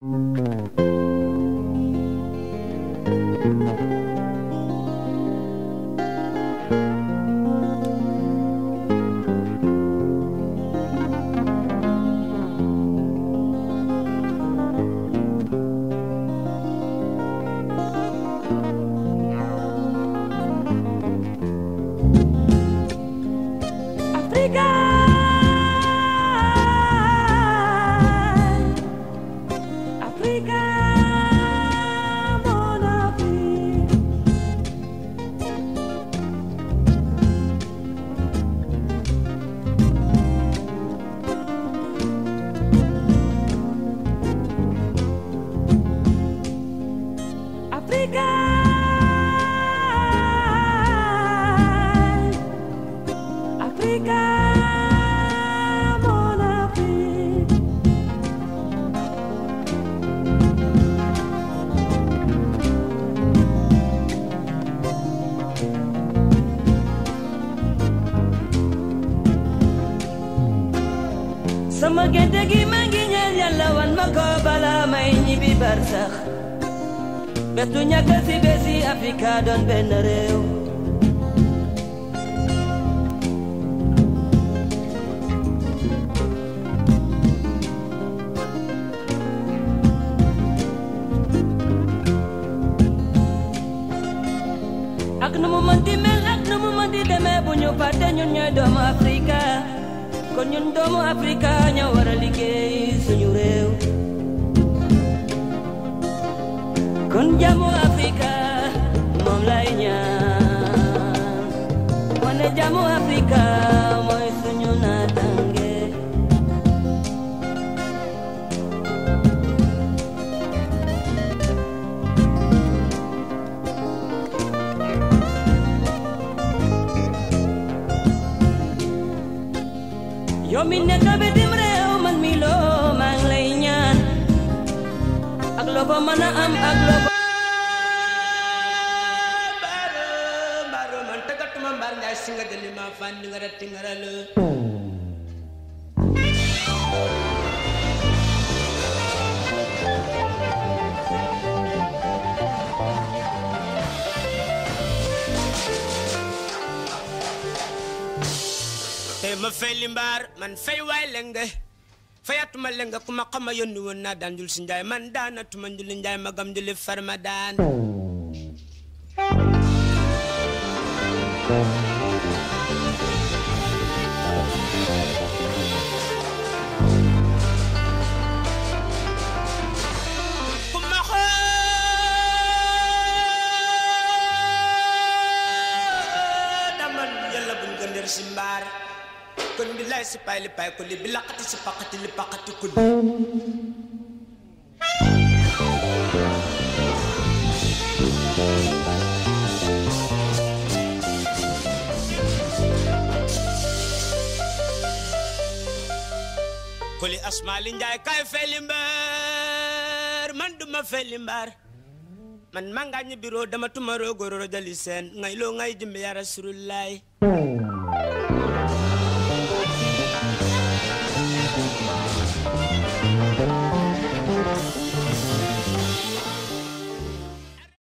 Africa sama gerte gi ma ngi ñaan yàlla wan ma ko balaa may ñibbi barsax bés du ñàkk si bési Afrika doon benn réew ñu fàtte ñun ñooy doomu Afrika kon ñun doomu Afrika ñoo war a liggéey suñu réew kon jàmmu Afrika moom lay ñaan wane jàmmu Afrika yow mi nekk bitim réew man mi loo lay ñaan ak loo ko mën a ak loo ko mbaaro mbaaro man tëggatuma mbaar njaay si nga jëli ma fànn nga ratti nga ma fay li mbaar man fay waay lenge fayatuma lenge ku ma xama yónni woon naa daan jul si njaay man daanatuma njuli njaay ma gam njuli farma daan Simbar kon bi lay si pay li pay ko li si paqati li paqati kuli asmaali njaay kay feli mbaar man duma feli mbaar man manga ñi biro dama tuma roogoro jali seen ngay jimbi ya rasuulullaay